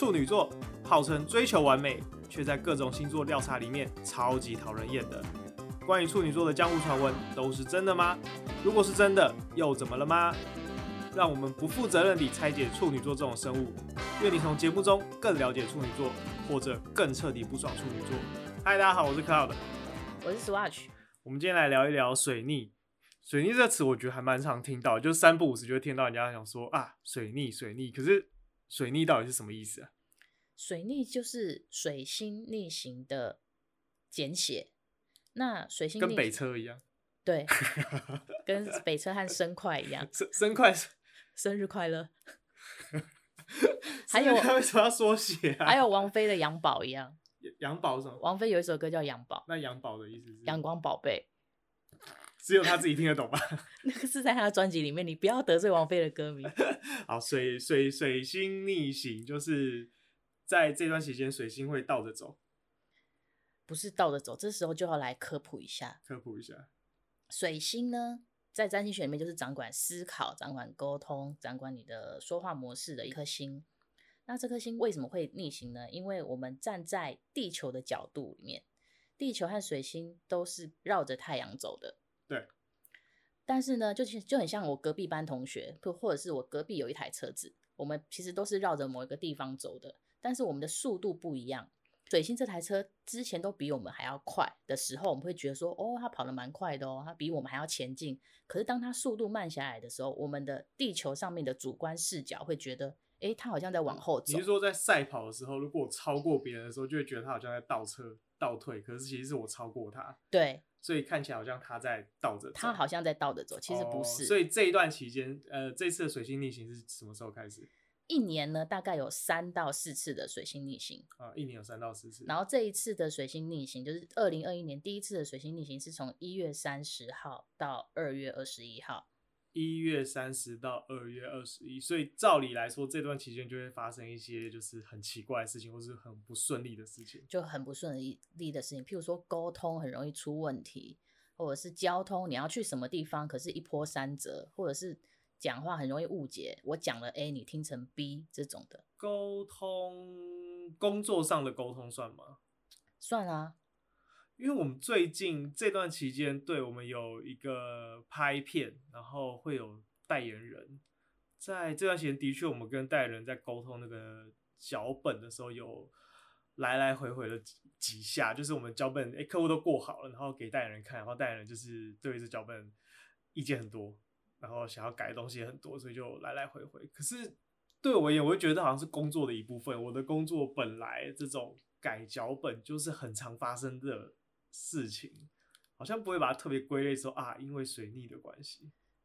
處女座號稱追求完美，卻在各種星座調查裡面超級討人厭的。關於處女座的江湖傳聞都是真的嗎？如果是真的，又怎麼了嗎？讓我們不負責任地拆解處女座這種生物。願你從節目中更了解處女座，或者更徹底不爽處女座。嗨，大家好，我是 Cloud，我是 Swatch。我們今天來聊一聊水逆。水逆這個詞，我覺得還蠻常聽到，就三不五時就會聽到人家想說啊，水逆，水逆。可是。水逆到底是什麼意思啊？水逆就是水星逆行的簡寫。那水星跟北車一樣，對， 跟北車和生快一樣，生，生快，生日快樂。 還有他為什麼要縮寫，啊，還有王菲的《楊寶》一樣，羊《楊寶》是什麼？王菲有一首歌叫《楊寶》，那《楊寶》的意思是陽光寶貝。只有他自己聽得懂吧？ 那個是在他的專輯裡面，你不要得罪王菲的歌迷。 好，水水水星逆行，就是在這段時間水星會倒着走，不是倒着走。這時候就要來科普一下，科普一下。水星呢，在占星學裡面就是掌管思考、掌管溝通、掌管你的說話模式的一顆星。那這顆星為什麼會逆行呢？因為我們站在地球的角度裡面，地球和水星都是繞着太陽走的。對，但是呢，就其實就很像我隔壁班同學，不，或者是我隔壁有一台車子，我們其實都是繞着某一個地方走的，但是我們的速度不一樣。水星這台車之前都比我們還要快的時候，我們會覺得說，哦，它跑得蠻快的哦，它比我們還要前進。可是當它速度慢下來的時候，我們的地球上面的主觀視角會覺得，哎，它好像在往後走。你是說在賽跑的時候，如果我超過別人的時候，就會覺得它好像在倒車，倒退，可是其實是我超過它。對。所以看起來好像他在倒着走，他好像在倒着走，其實不是。哦、所以這一段期間，呃，這次的水星逆行是什麼時候開始？一年呢，大概有三到四次的水星逆行啊、哦，一年有三到四次。然後這一次的水星逆行，就是二零二一年第一次的水星逆行是1，是從一月三十號到二月二十一號。一月三十到二月二十一，所以照理來說，這段期間就會發生一些就是很奇怪的事情，或是很不順利的事情，就很不順利的事情。譬如說溝通很容易出問題，或者是交通你要去什麼地方，可是一波三折，或者是講話很容易誤解，我講了 A，你聽成 B，這種的。溝通，工作上的溝通算嗎？算啊。因為我們最近這段期間，對我們有一個拍片，然後會有代言人。在這段期間，的確我們跟代言人在溝通那個腳本的時候，有來來回回的幾幾下。就是我們腳本，哎、欸，客戶都過好了，然後給代言人看，然後代言人就是對這腳本意見很多，然後想要改的東西也很多，所以就來來回回。可是對我而言，我會覺得好像是工作的一部分。我的工作本來這種改腳本就是很常發生的。事情好像不會把它特別歸類說啊，因為水逆的關係。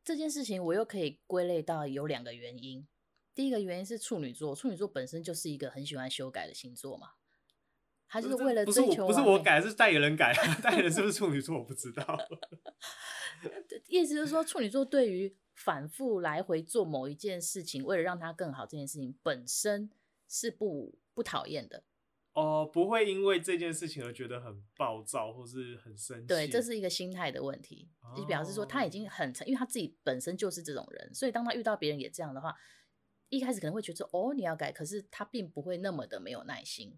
這件事情我又可以歸類到有兩個原因。第一個原因是處女座，處女座本身就是一個很喜歡修改的星座嘛。他就是為了追求完美。不不。不是我改，是代言人改。代 言人是不是處女座我不知道。 意思就是說，處女座對於反覆來回做某一件事情，為了讓他更好，這件事情本身是不不討厭的。哦、呃，不會因為這件事情而覺得很暴躁或是很生氣。對，這是一個心態的問題。就、哦、表示說他已經很成，因為他自己本身就是這種人，所以當他遇到別人也這樣的話，一開始可能會覺得哦，你要改，可是他並不會那麼的沒有耐心，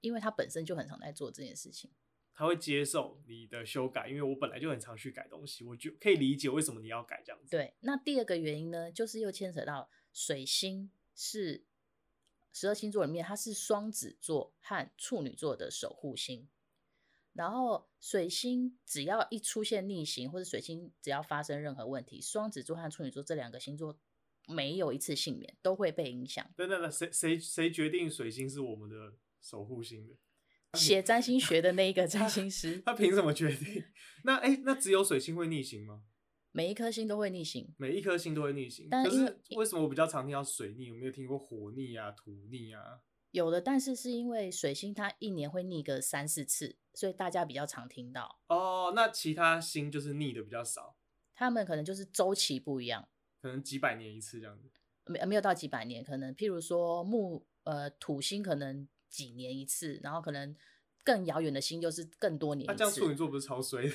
因為他本身就很常在做這件事情。他會接受你的修改，因為我本來就很常去改東西，我就可以理解為什麼你要改這樣子。對，那第二個原因呢，就是又牽扯到水星是。十二星座裡面，它是雙子座和處女座的守護星。然後水星只要一出現逆行，或者水星只要發生任何問題，雙子座和處女座這兩個星座沒有一次倖免，都會被影響。對對對，誰誰誰決定水星是我們的守護星的？寫占星學的那一個占星師， 他憑什麼決定？那誒，那只有水星會逆行嗎？每一顆星都會逆行，每一顆星都會逆行。但是，為，是為什麼我比較常聽到水逆？有沒有聽過火逆啊、土逆啊？有的，但是是因為水星它一年會逆個三四次，所以大家比較常聽到。哦，那其他星就是逆的比較少，他們可能就是週期不一樣，可能幾百年一次這樣子。沒有沒有到幾百年，可能譬如說木呃土星可能幾年一次，然後可能更遙遠的星就是更多年。那、啊、這樣處女座不是超衰的？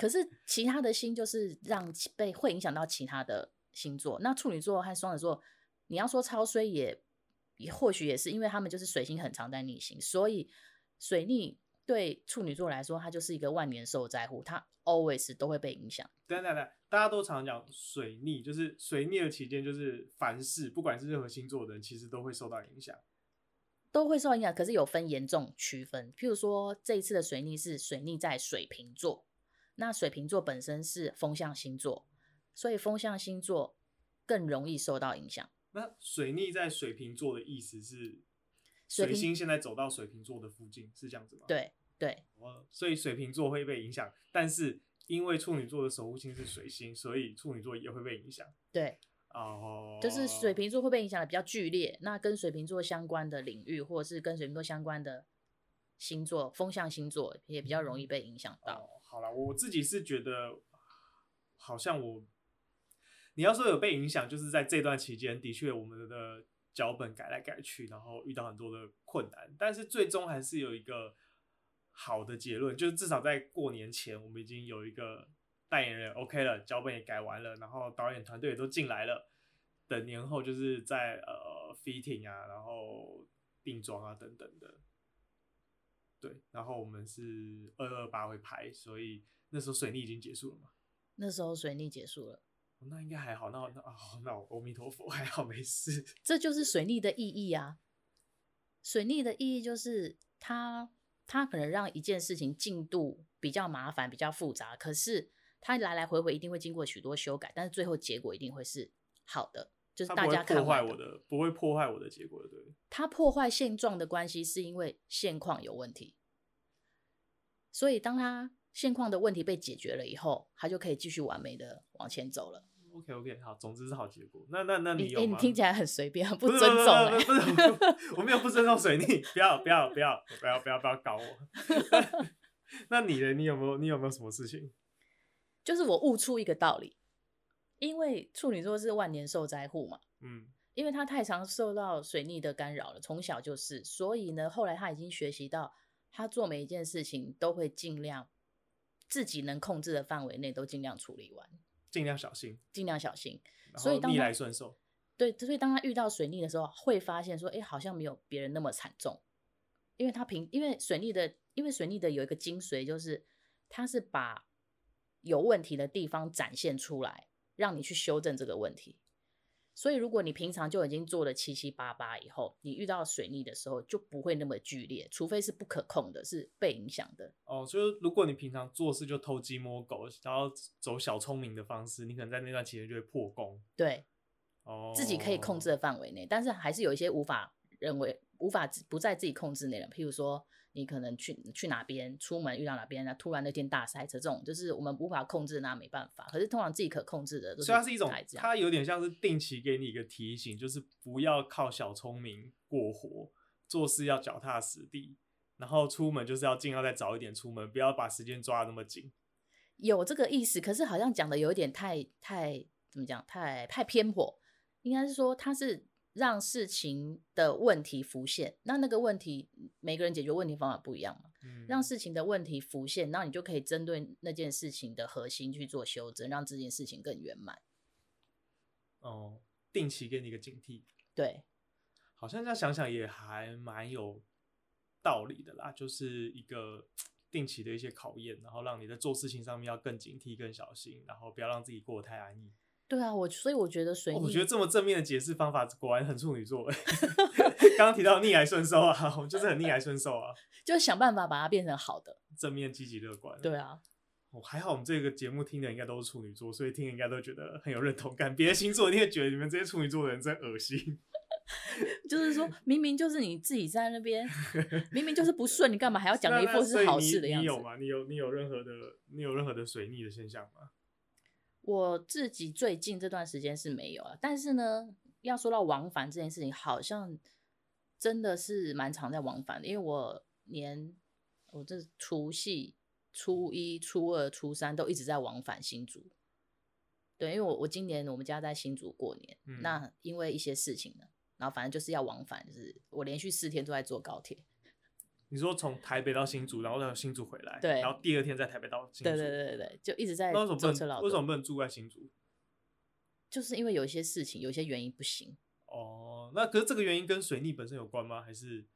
可是其他的星就是讓被會影響到其他的星座，那處女座和雙子座，你要說超衰也也或許也是，因為他們就是水星很常在逆行，所以水逆對處女座來說，它就是一個萬年受災戶，它 always 都會被影響。對對對，大家都常講水逆，就是水逆的期間，就是凡事不管是任何星座的人，其實都會受到影響，都會受到影響。可是有分嚴重區分，譬如說這一次的水逆是水逆在水瓶座。那水瓶座本身是風象星座，所以風象星座更容易受到影響。那水逆在水瓶座的意思是，水星現在走到水瓶座的附近，是這樣子嗎？對對，oh, 所以水瓶座會被影響，但是因為處女座的守護星是水星，所以處女座也會被影響。對，哦、oh.，就是水瓶座會被影響的比較劇烈。那跟水瓶座相關的領域，或是跟水瓶座相關的星座，風象星座也比較容易被影響到。Oh. 好了，我自己是覺得，好像我，你要說有被影響，就是在這段期間，的確我們的腳本改來改去，然後遇到很多的困難，但是最終還是有一個好的結論，就是至少在過年前，我們已經有一個代言人 OK 了，腳本也改完了，然後導演團隊也都進來了，等年後就是在呃 fitting 啊，然後定妝啊等等的。對，然後我們是二二八會排，所以那時候水逆已經結束了嘛。那時候水逆結束了，哦，那應該還好。那那啊，那，哦，那阿彌陀佛，還好沒事。這就是水逆的意義啊！水逆的意義就是它，它它可能讓一件事情進度比較麻煩、比較複雜，可是它來來回回一定會經過許多修改，但是最後結果一定會是好的。就是、大家看他不會破壞我，我的，不會破壞我的結果的，對。他破壞現狀的關係，是因為現況有問題。所以當他現況的問題被解決了以後，他就可以繼續完美的往前走了。OK OK，好，總之是好結果。那那那你、欸欸、你聽起來很隨便，很不尊重、欸。不，不，不 我沒有不尊重，水逆，不要不要不要不要不要不要，不要搞我。 那，那你的你有沒有你有沒有什麼事情？就是我悟出一個道理。因為處女座是萬年受災戶嘛，嗯，因為他太常受到水逆的干擾了，從小就是，所以呢，後來他已經學習到，他做每一件事情都會盡量自己能控制的範圍內都盡量處理完，盡量小心，盡量小心。所以當逆來順受，對，所以當他遇到水逆的時候，會發現說，哎、欸，好像沒有別人那麼慘重，因為他平，因為水逆的，因為水逆的有一個精髓就是，他是把有問題的地方展現出來。讓你去修正這個問題，所以如果你平常就已經做了七七八八，以後你遇到水逆的時候就不會那麼劇烈，除非是不可控的，是被影響的。哦，所以如果你平常做事就偷雞摸狗，然後走小聰明的方式，你可能在那段期間就會破功。對，哦，自己可以控制的範圍內，但是還是有一些無法認為。無法不在自己控制內容，譬如說你可能去去哪邊，出門遇到哪邊，那突然那天大塞車，這種就是我們無法控制，那沒辦法。可是通常自己可控制的，所以它是一種，它有點像是定期給你一個提醒，就是不要靠小聰明過活，做事要腳踏實地，然後出門就是要盡量再早一點出門，不要把時間抓得那麼緊。有這個意思，可是好像講的有點太太怎麼講，太太偏頗，應該是說它是。讓事情的問題浮現，那那個問題每個人解決問題方法不一樣嘛。嗯，讓事情的問題浮現，那你就可以針對那件事情的核心去做修正，讓這件事情更圓滿。哦，定期給你一個警惕。對，好像這樣想想也還蠻有道理的啦，就是一個定期的一些考驗，然後讓你在做事情上面要更警惕、更小心，然後不要讓自己過得太安逸。對啊，我所以我覺得水逆。哦，我覺得這麼正面的解釋方法，果然很處女座。剛 剛 提到逆來順受啊，我就是很逆來順受啊，就想辦法把它變成好的，正面、積極、樂觀。對啊，我、哦、還好，我們這個節目聽的人應該都是處女座，所以聽的人應該都覺得很有認同感。別的星座你也覺得你們這些處女座的人真惡心。 就是說明明就是你自己站在那邊，明明就是不順，你幹嘛還要講一副是好事的樣子， 那那你，你有嗎？你有你有任何的你有任何的水逆的現象嗎？我自己最近這段時間是沒有了啊，但是呢，要說到往返這件事情，好像真的是蠻常在往返的，因為我年我這除夕、初一、初二、初三都一直在往返新竹。對，因為我我今年我們家在新竹過年，嗯，那因為一些事情呢，然後反正就是要往返，就是我連續四天都在坐高鐵。你說從台北到新竹，然後再新竹回來，對，然後第二天在台北到新竹。對對對對，就一直在坐車勞頓。為什麼不能住在新竹？就是因為有一些事情，有一些原因不行。哦，那可是這個原因跟水逆本身有關嗎？還是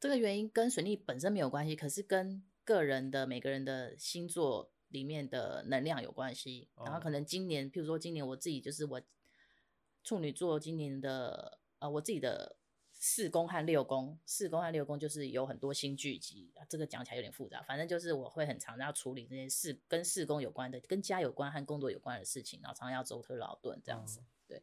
這個原因跟水逆本身沒有關係？可是跟個人的每個人的星座裡面的能量有關係。哦。然後可能今年，譬如說今年我自己就是我處女座，今年的呃，我自己的。四宮和六宮，四宮和六宮就是有很多新聚集，這個講起來有點複雜。反正就是我會很常常要處理這些事，跟四宮有關的，跟家有關和工作有關的事情，然後常常要舟車勞頓、嗯、這樣子。對，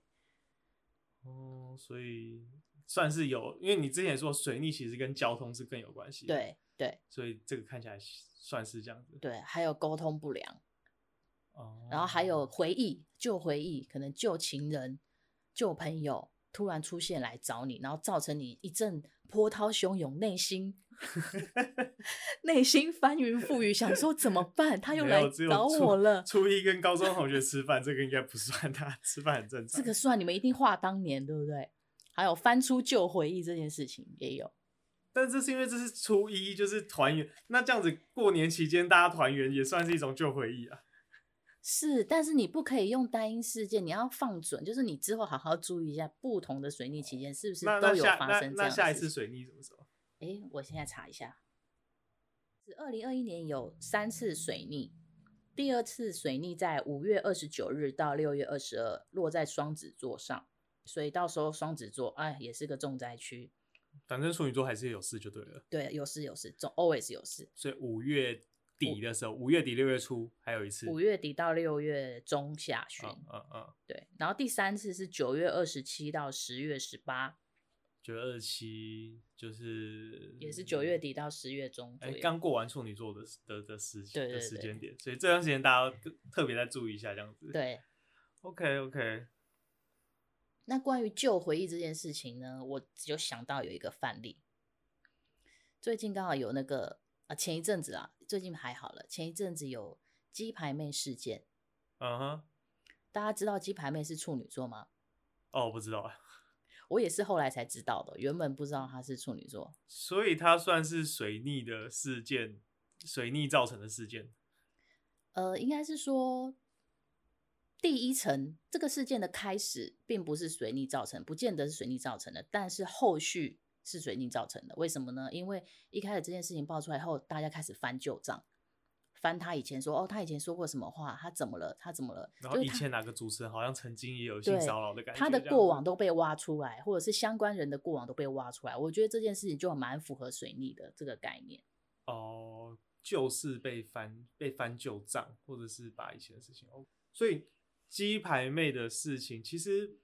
哦，所以算是有，因為你之前也說水逆其實跟交通是更有關係。對對，所以這個看起來算是這樣子。對，還有溝通不良，哦，然後還有回憶，舊回憶，可能舊情人、舊朋友。突然出現來找你，然後造成你一陣波濤洶湧，內心內心翻雲覆雨，想說怎麼辦？他又來找我了。初，初一跟高中同學吃飯，這個應該不算，他 吃飯很正常。這個算，你們一定話當年，對不對？還有翻出舊回憶這件事情也有。但這是因為這是初一，就是團圓。那這樣子過年期間大家團圓也算是一種舊回憶啊。是，但是你不可以用單一事件，你要放準，就是你之後好好注意一下不同的水逆期間是不是都有發生這樣。那,那下,那,那下一次水逆怎麼說?哎，我現在查一下，是二零二一年有三次水逆，第二次水逆在五月二十九日到六月二十二，落在雙子座上，所以到時候雙子座哎也是個重災區。反正處女座還是有事就對了。對，有事有事，總 always 有事。所以五月。底的時候，五月底六月初還有一次，五月底到六月中下旬，嗯、啊、嗯、啊啊，對。然後第三次是九月二十七到十月十八，九月二十七就是也是九月底到十月中，哎、欸，剛過完處女座的的的，的時間的時間點，所以這段時間大家特別在注意一下，這樣子。對，OK OK。那關於舊回憶這件事情呢，我就有想到有一個範例，最近剛好有那個。前一陣子啊，最近還好了。前一陣子有雞排妹事件，嗯哼，大家知道雞排妹是處女座嗎？哦、oh，我不知道啊，我也是後來才知道的，原本不知道她是處女座，所以她算是水逆的事件，水逆造成的事件。呃，應該是說第一層這個事件的開始，並不是水逆造成，不見得是水逆造成的，但是後續。是水逆造成的，為什麼呢？因為一開始這件事情爆出來後，大家開始翻舊賬，翻他以前說哦，他以前說過什麼話，他怎麼了，他怎麼了？然後以前哪個主持人好像曾經也有性騷擾的感覺，他的過往都被挖出來，或者是相關人的過往都被挖出來。嗯、我覺得這件事情就蠻符合水逆的這個概念。哦、呃，就是被翻，被翻舊賬，或者是把以前的事情哦。所以雞排妹的事情，其實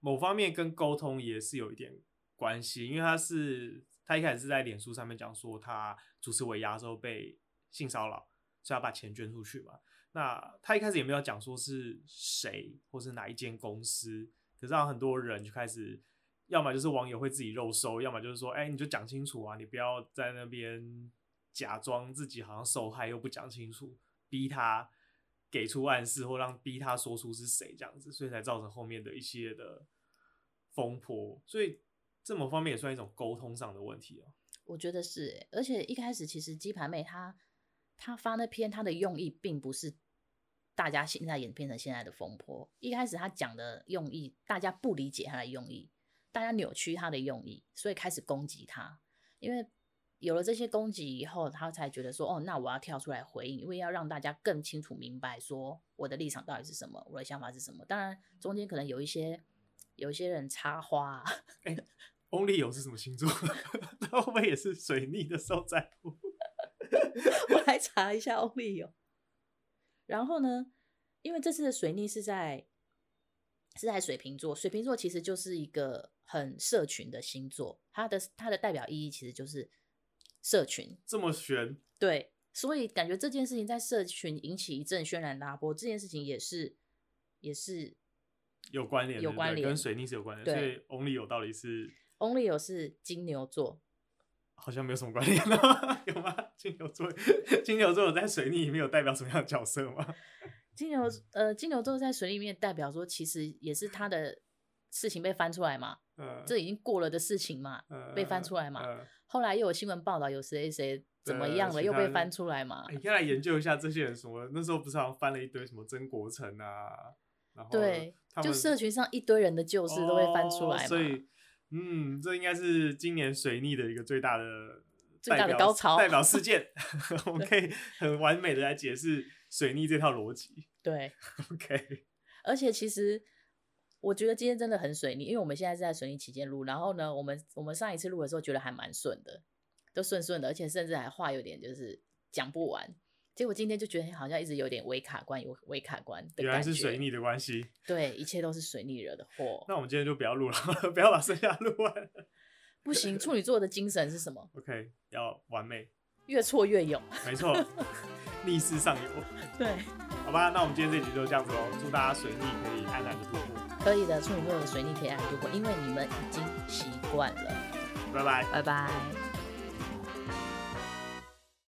某方面跟溝通也是有一點關係，因為他是他一開始是在臉書上面講說他主持尾牙之後被性騷擾，所以要把錢捐出去嘛。那他一開始也沒有講說是誰或是哪一間公司，可是讓很多人就開始，要麼就是網友會自己肉搜，要麼就是說，哎、欸，你就講清楚啊，你不要在那邊假裝自己好像受害又不講清楚，逼他給出暗示或讓逼他說出是誰這樣子，所以才造成後面的一些的風波。所以。這麼方面也算一種溝通上的問題哦、啊。我覺得是，而且一開始其實雞排妹她她發那篇，她的用意並不是大家現在演變成現在的風波。一開始她講的用意，大家不理解她的用意，大家扭曲她的用意，所以開始攻擊她。因為有了這些攻擊以後，她才覺得說：“哦，那我要跳出來回應，因為要讓大家更清楚明白說我的立場到底是什麼，我的想法是什麼。”當然，中間可能有一些有一些人插花、啊。欸 only 有是什麼星座？他會不會也是水逆的時候在，我來查一下翁立友， 然後呢，因為這次的水逆是在是在水瓶座，水瓶座其實就是一個很社群的星座，它的它的代表意義其實就是社群。這麼玄？對，所以感覺這件事情在社群引起一陣軒然大波，這件事情也是也是有關聯，有關聯，跟水逆是有關聯，所以翁立友到底是。Only 有是金牛座，好像沒有什麼關聯呢， 有嗎？金牛座，金牛座有在水逆裡面有代表什麼樣的角色嗎？金牛呃，金牛座在水逆裡面代表說，其實也是他的事情被翻出來嘛，嗯、呃，這已經過了的事情嘛，嗯、呃，被翻出來嘛、呃，後來又有新聞報道有誰誰、呃、怎麼樣了、呃，又被翻出來嘛。你可以來研究一下這些人什麼，那時候不是好像翻了一堆什麼曾國城啊，對、呃，就社群上一堆人的舊事都被翻出來嘛、哦，所以。嗯，這應該是今年水逆的一個最大的代表，最大的高潮代表事件， 我們可以很完美的來解釋水逆這套邏輯。對，OK。而且其實我覺得今天真的很水逆，因為我們現在是在水逆期間錄，然後呢，我們我們上一次錄的時候覺得還蠻順的，都順順的，而且甚至還話有點就是講不完。結果今天就覺得好像一直有點微卡關，有微卡關的感覺，原來是水逆的關係。對，一切都是水逆惹的禍。 那我們今天就不要錄了， 不要把剩下錄完。不行，處女座的精神是什麼 ？OK，要完美，越挫越勇。沒錯， 逆勢上游。 對，好吧，那我們今天這集就這樣子嘍。祝大家水逆可以安然的度過。可以的，處女座的水逆可以安然度過，因為你們已經習慣了。拜拜，拜拜。